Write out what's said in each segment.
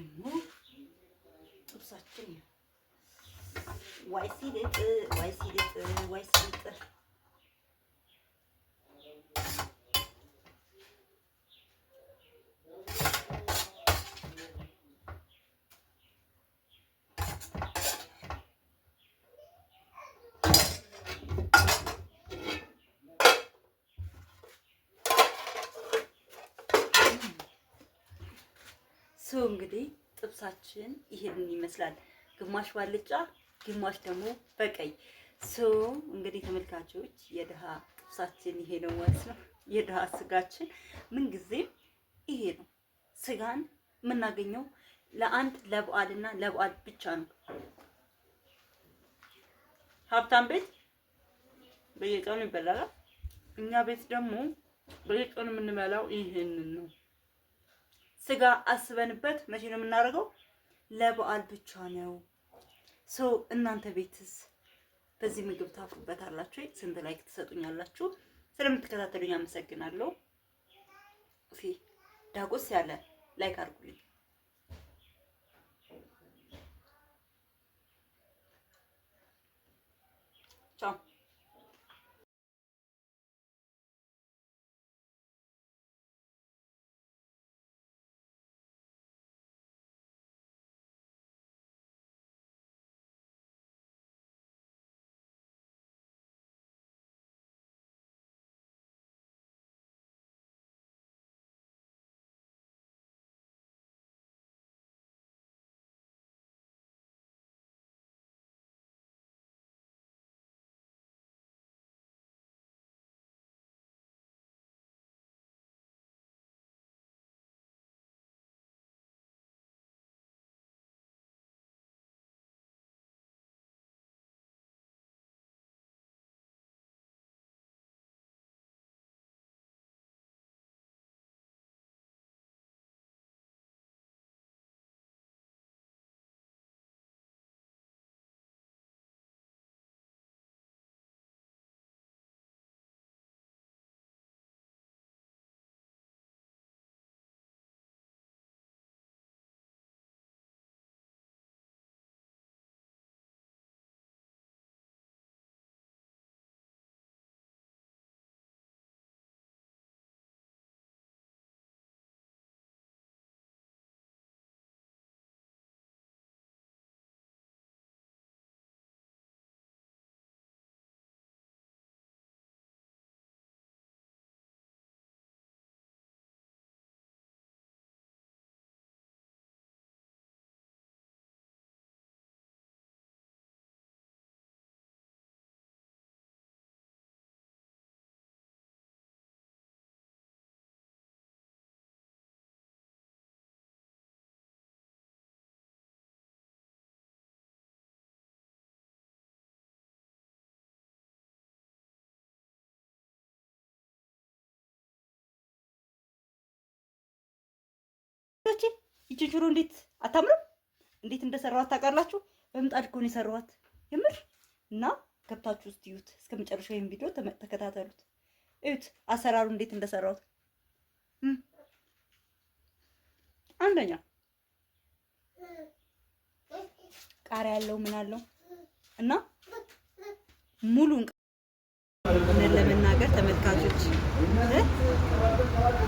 ደግሞ ጥብሳችን ዋይ ሲልጥ ዋይ ሲልጥ ዋይ ሲልጥ ሰው እንግዲህ ጥብሳችን ይሄንን ይመስላል። ግማሽ ባልጫ፣ ግማሽ ደግሞ በቀይ ሰው እንግዲህ ተመልካቾች የድሃ ጥብሳችን ይሄ ነው ማለት ነው። የድሃ ስጋችን ምንጊዜም ይሄ ነው። ስጋን የምናገኘው ለአንድ ለበዓልና ለበዓል ብቻ ነው። ሀብታም ቤት በየቀኑ ይበላል። እኛ ቤት ደግሞ በየቀኑ የምንበላው ይህንን ነው። ስጋ አስበንበት መቼ ነው የምናደርገው? ለበዓል ብቻ ነው። ሶ እናንተ ቤትስ በዚህ ምግብ ታፍሩበታላችሁ? ስንት ላይክ ትሰጡኛላችሁ? ስለምትከታተሉኝ አመሰግናለሁ። እስኪ ዳጎስ ያለ ላይክ አድርጉልኝ። ቻው እህቶቼ ይችን ሽሮ እንዴት አታምርም? እንዴት እንደሰራኋት ታውቃላችሁ? በምጣድ እኮ ነው የሰራኋት የምር እና ገብታችሁ ውስጥ እዩት። እስከ መጨረሻው ቪዲዮ ተከታተሉት፣ እዩት አሰራሩ እንዴት እንደሰራሁት። አንደኛ ቃሪያ ያለው ምን አለው እና ሙሉን እውነት ለመናገር ተመልካቾች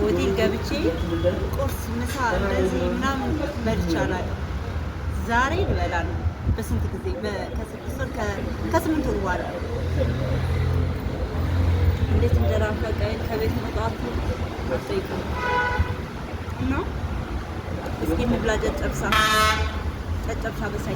ሆቴል ገብቼ ቁርስ፣ ምሳ እንደዚህ ምናምን በልቻላል። ዛሬ ልበላ ነው። በስንት ጊዜ ከስምንት ወር በኋላ እንዴት እንደራፈቀኝ ከቤት መውጣቱ ሰይቱ እስኪ እንብላ ጨጨብሳ፣ ጨጨብሳ በሳይ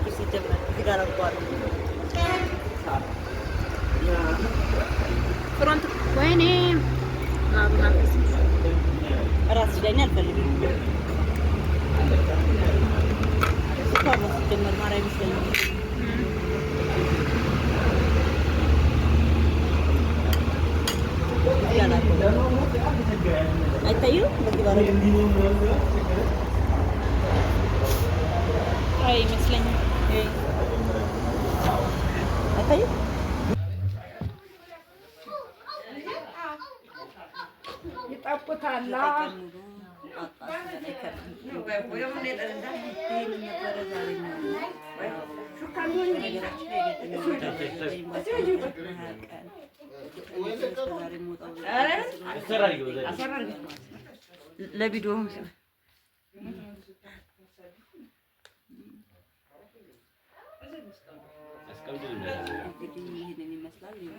sih sejam tiga kuat. Pronto, bene. No, no, Ora si dai nel Come si deve normare il seno? አይታዩ ini. ጠብታላ ለቪዲዮ ይህንን ይመስላል።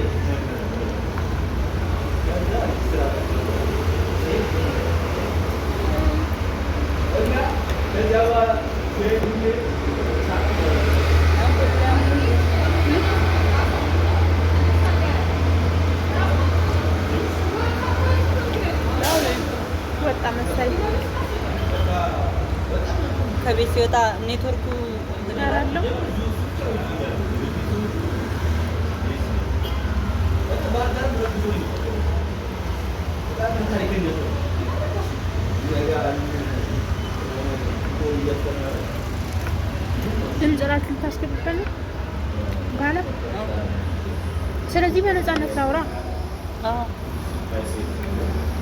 ሲወጣ ኔትወርኩ ትዳር አለው። ድምፅ እራሱ ስለዚህ በነፃነት ላውራ።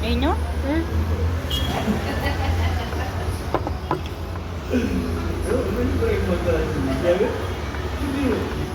ይኸኛው Thank you.